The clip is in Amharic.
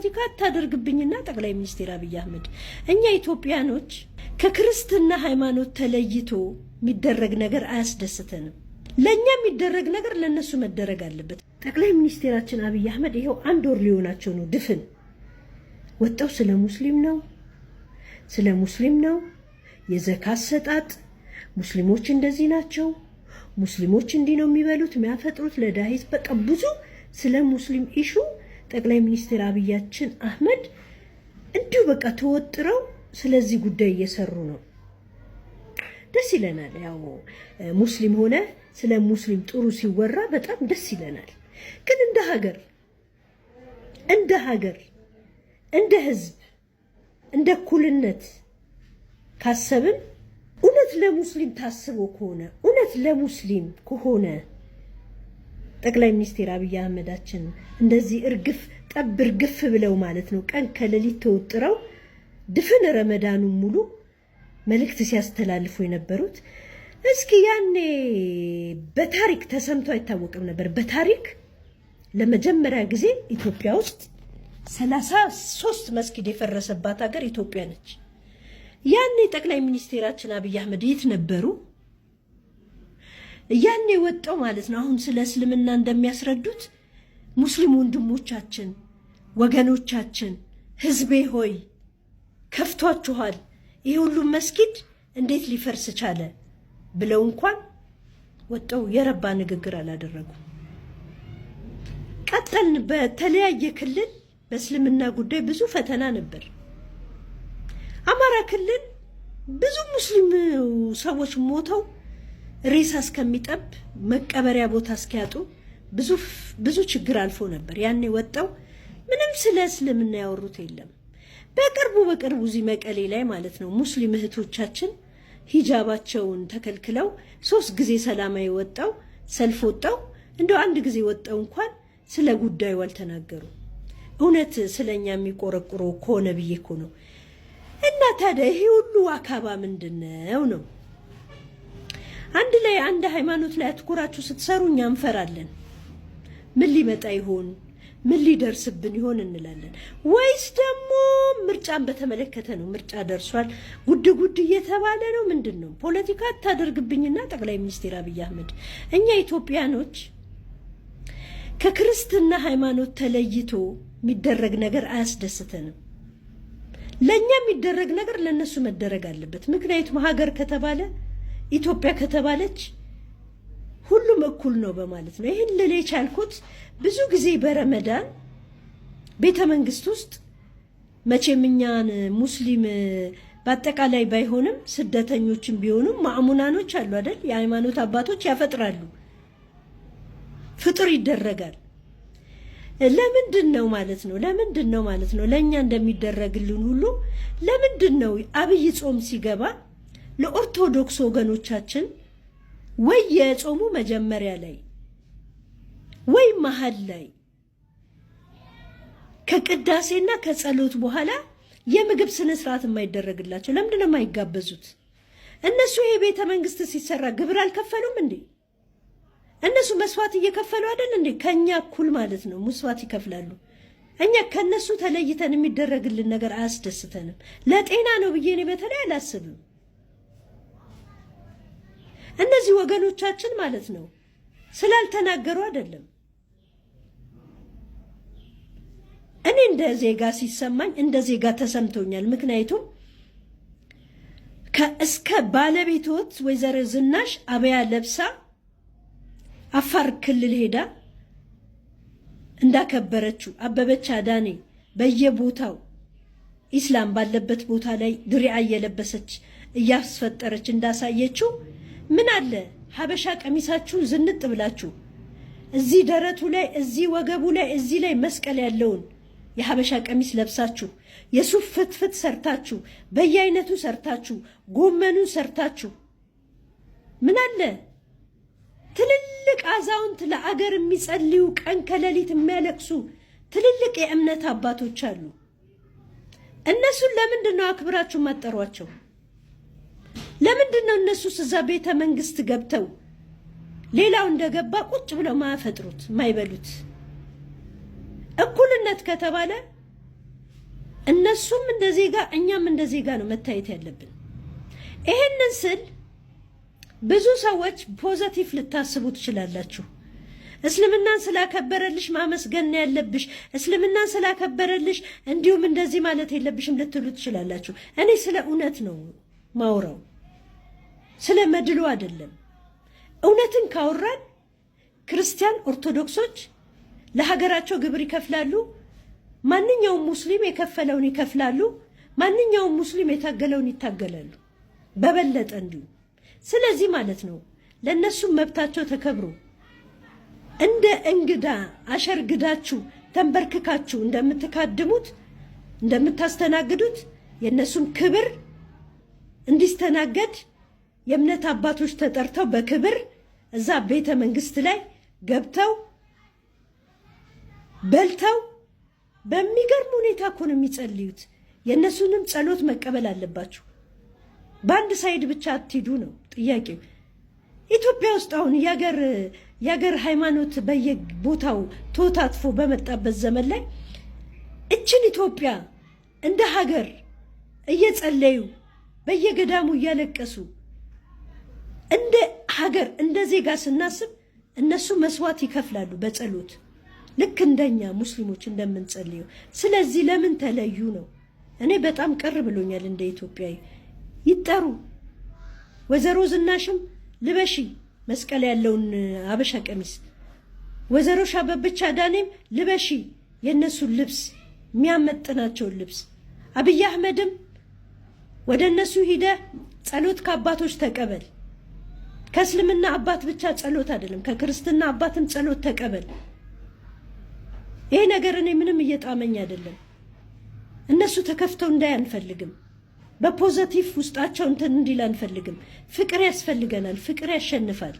ፖለቲካ አታደርግብኝና ጠቅላይ ሚኒስትር አብይ አህመድ እኛ ኢትዮጵያኖች ከክርስትና ሃይማኖት ተለይቶ የሚደረግ ነገር አያስደስተንም። ለእኛ የሚደረግ ነገር ለእነሱ መደረግ አለበት። ጠቅላይ ሚኒስቴራችን አብይ አህመድ ይኸው አንድ ወር ሊሆናቸው ነው ድፍን ወጠው ስለ ሙስሊም ነው ስለ ሙስሊም ነው የዘካ አሰጣጥ ሙስሊሞች እንደዚህ ናቸው፣ ሙስሊሞች እንዲህ ነው የሚበሉት የሚያፈጥሩት ለዳሂት በቃ ብዙ ስለ ሙስሊም ኢሹ ጠቅላይ ሚኒስትር አብያችን አህመድ እንዲሁ በቃ ተወጥረው ስለዚህ ጉዳይ እየሰሩ ነው። ደስ ይለናል። ያው ሙስሊም ሆነ ስለ ሙስሊም ጥሩ ሲወራ በጣም ደስ ይለናል። ግን እንደ ሀገር እንደ ሀገር እንደ ህዝብ እንደ እኩልነት ካሰብን እውነት ለሙስሊም ታስቦ ከሆነ እውነት ለሙስሊም ከሆነ ጠቅላይ ሚኒስትር አብይ አህመዳችን እንደዚህ እርግፍ ጠብ እርግፍ ብለው ማለት ነው ቀን ከሌሊት ተወጥረው ድፍን ረመዳኑን ሙሉ መልእክት ሲያስተላልፉ የነበሩት እስኪ ያኔ በታሪክ ተሰምቶ አይታወቅም ነበር። በታሪክ ለመጀመሪያ ጊዜ ኢትዮጵያ ውስጥ ሰላሳ ሶስት መስጊድ የፈረሰባት ሀገር ኢትዮጵያ ነች። ያኔ ጠቅላይ ሚኒስትራችን አብይ አህመድ የት ነበሩ? እያን የወጣው ማለት ነው። አሁን ስለ እስልምና እንደሚያስረዱት ሙስሊም ወንድሞቻችን፣ ወገኖቻችን፣ ህዝቤ ሆይ ከፍቷችኋል፣ ይህ ሁሉም መስጊድ እንዴት ሊፈርስ ቻለ ብለው እንኳን ወጠው የረባ ንግግር አላደረጉም። ቀጠልን። በተለያየ ክልል በእስልምና ጉዳይ ብዙ ፈተና ነበር። አማራ ክልል ብዙ ሙስሊም ሰዎች ሞተው ሬሳ እስከሚጠብ መቀበሪያ ቦታ እስኪያጡ ብዙ ችግር አልፎ ነበር። ያኔ ወጣው ምንም ስለ እስልምና ያወሩት የለም። በቅርቡ በቅርቡ እዚህ መቀሌ ላይ ማለት ነው ሙስሊም እህቶቻችን ሂጃባቸውን ተከልክለው ሶስት ጊዜ ሰላማዊ ወጣው ሰልፍ ወጣው እንደው አንድ ጊዜ ወጣው እንኳን ስለ ጉዳዩ አልተናገሩ። እውነት ስለኛ የሚቆረቁሮ ከሆነ ብዬ እኮ ነው። እና ታዲያ ይሄ ሁሉ አካባ ምንድን ነው ነው አንድ ላይ አንድ ሃይማኖት ላይ አትኩራችሁ ስትሰሩ እኛ እንፈራለን። ምን ሊመጣ ይሆን ምን ሊደርስብን ይሆን እንላለን። ወይስ ደግሞ ምርጫን በተመለከተ ነው? ምርጫ ደርሷል፣ ጉድ ጉድ እየተባለ ነው። ምንድን ነው ፖለቲካ አታደርግብኝና ጠቅላይ ሚኒስትር አብይ አህመድ እኛ ኢትዮጵያኖች ከክርስትና ሃይማኖት ተለይቶ የሚደረግ ነገር አያስደስተንም። ለእኛ የሚደረግ ነገር ለእነሱ መደረግ አለበት። ምክንያቱም ሀገር ከተባለ ኢትዮጵያ ከተባለች ሁሉም እኩል ነው በማለት ነው። ይህን ልል የቻልኩት ብዙ ጊዜ በረመዳን ቤተ መንግስት ውስጥ መቼም እኛን ሙስሊም በአጠቃላይ ባይሆንም ስደተኞችም ቢሆኑም ማዕሙናኖች አሉ አይደል? የሃይማኖት አባቶች ያፈጥራሉ። ፍጥር ይደረጋል። ለምንድን ነው ማለት ነው? ለምንድን ነው ማለት ነው? ለእኛ እንደሚደረግልን ሁሉ ለምንድን ነው አብይ ጾም ሲገባ ለኦርቶዶክስ ወገኖቻችን ወይ የጾሙ መጀመሪያ ላይ ወይ መሀል ላይ ከቅዳሴና ከጸሎት በኋላ የምግብ ስነ ስርዓት የማይደረግላቸው ለምንድን ነው የማይጋበዙት? እነሱ ይሄ ቤተ መንግስት ሲሰራ ግብር አልከፈሉም እንዴ? እነሱ መስዋዕት እየከፈሉ አይደል እንዴ? ከኛ እኩል ማለት ነው መስዋዕት ይከፍላሉ። እኛ ከነሱ ተለይተን የሚደረግልን ነገር አያስደስተንም። ለጤና ነው ብዬ እኔ በተለይ አላስብም። እነዚህ ወገኖቻችን ማለት ነው ስላልተናገሩ አይደለም። እኔ እንደ ዜጋ ሲሰማኝ እንደ ዜጋ ተሰምቶኛል። ምክንያቱም ከእስከ ባለቤቶት ወይዘሮ ዝናሽ አበያ ለብሳ አፋር ክልል ሄዳ እንዳከበረችው አበበች አዳኔ በየቦታው ኢስላም ባለበት ቦታ ላይ ድሪያ እየለበሰች እያስፈጠረች እንዳሳየችው ምን አለ ሀበሻ ቀሚሳችሁን ዝንጥ ብላችሁ እዚህ ደረቱ ላይ እዚህ ወገቡ ላይ እዚህ ላይ መስቀል ያለውን የሀበሻ ቀሚስ ለብሳችሁ የሱፍ ፍትፍት ሰርታችሁ በየአይነቱ ሰርታችሁ ጎመኑን ሰርታችሁ ምን አለ ትልልቅ አዛውንት ለአገር የሚጸልዩ ቀን ከሌሊት የሚያለቅሱ ትልልቅ የእምነት አባቶች አሉ። እነሱን ለምንድን ነው አክብራችሁ ማጠሯቸው? ለምንድን ነው እነሱስ እዛ ቤተ መንግስት ገብተው ሌላው እንደገባ ቁጭ ብለው ማያፈጥሩት ማይበሉት? እኩልነት ከተባለ እነሱም እንደ ዜጋ እኛም እንደ ዜጋ ነው መታየት ያለብን። ይሄንን ስል ብዙ ሰዎች ፖዘቲቭ ልታስቡ ትችላላችሁ። እስልምናን ስላከበረልሽ ማመስገን ያለብሽ፣ እስልምናን ስላከበረልሽ እንዲሁም እንደዚህ ማለት የለብሽም ልትሉ ትችላላችሁ። እኔ ስለ እውነት ነው ማውራው። ስለ መድሎ አይደለም። እውነትን ካወራን ክርስቲያን ኦርቶዶክሶች ለሀገራቸው ግብር ይከፍላሉ። ማንኛውም ሙስሊም የከፈለውን ይከፍላሉ። ማንኛውም ሙስሊም የታገለውን ይታገላሉ። በበለጠ እንዲሁ ስለዚህ ማለት ነው ለእነሱም መብታቸው ተከብሮ እንደ እንግዳ አሸርግዳችሁ ተንበርክካችሁ እንደምትካድሙት እንደምታስተናግዱት የእነሱም ክብር እንዲስተናገድ የእምነት አባቶች ተጠርተው በክብር እዛ ቤተ መንግስት ላይ ገብተው በልተው በሚገርም ሁኔታ እኮ ነው የሚጸልዩት። የእነሱንም ጸሎት መቀበል አለባችሁ። በአንድ ሳይድ ብቻ አትሂዱ ነው ጥያቄው። ኢትዮጵያ ውስጥ አሁን የሀገር ሃይማኖት በየቦታው ተወታትፎ በመጣበት ዘመን ላይ እችን ኢትዮጵያ እንደ ሀገር እየጸለዩ በየገዳሙ እያለቀሱ እንደ ሀገር እንደ ዜጋ ስናስብ እነሱ መስዋዕት ይከፍላሉ በጸሎት ልክ እንደኛ ሙስሊሞች እንደምንጸልየው። ስለዚህ ለምን ተለዩ ነው? እኔ በጣም ቅር ብሎኛል እንደ ኢትዮጵያዊ። ይጠሩ ወይዘሮ ዝናሽም ልበሺ መስቀል ያለውን አበሻ ቀሚስ፣ ወይዘሮ ሻበብቻ ዳኔም ልበሺ የእነሱን ልብስ የሚያመጥናቸውን ልብስ፣ አብይ አህመድም ወደ እነሱ ሂደ ጸሎት ከአባቶች ተቀበል ከእስልምና አባት ብቻ ጸሎት አይደለም፣ ከክርስትና አባትም ጸሎት ተቀበል። ይሄ ነገር እኔ ምንም እየጣመኝ አይደለም። እነሱ ተከፍተው እንዳይ አንፈልግም። በፖዘቲቭ ውስጣቸው እንትን እንዲል አንፈልግም። ፍቅር ያስፈልገናል። ፍቅር ያሸንፋል።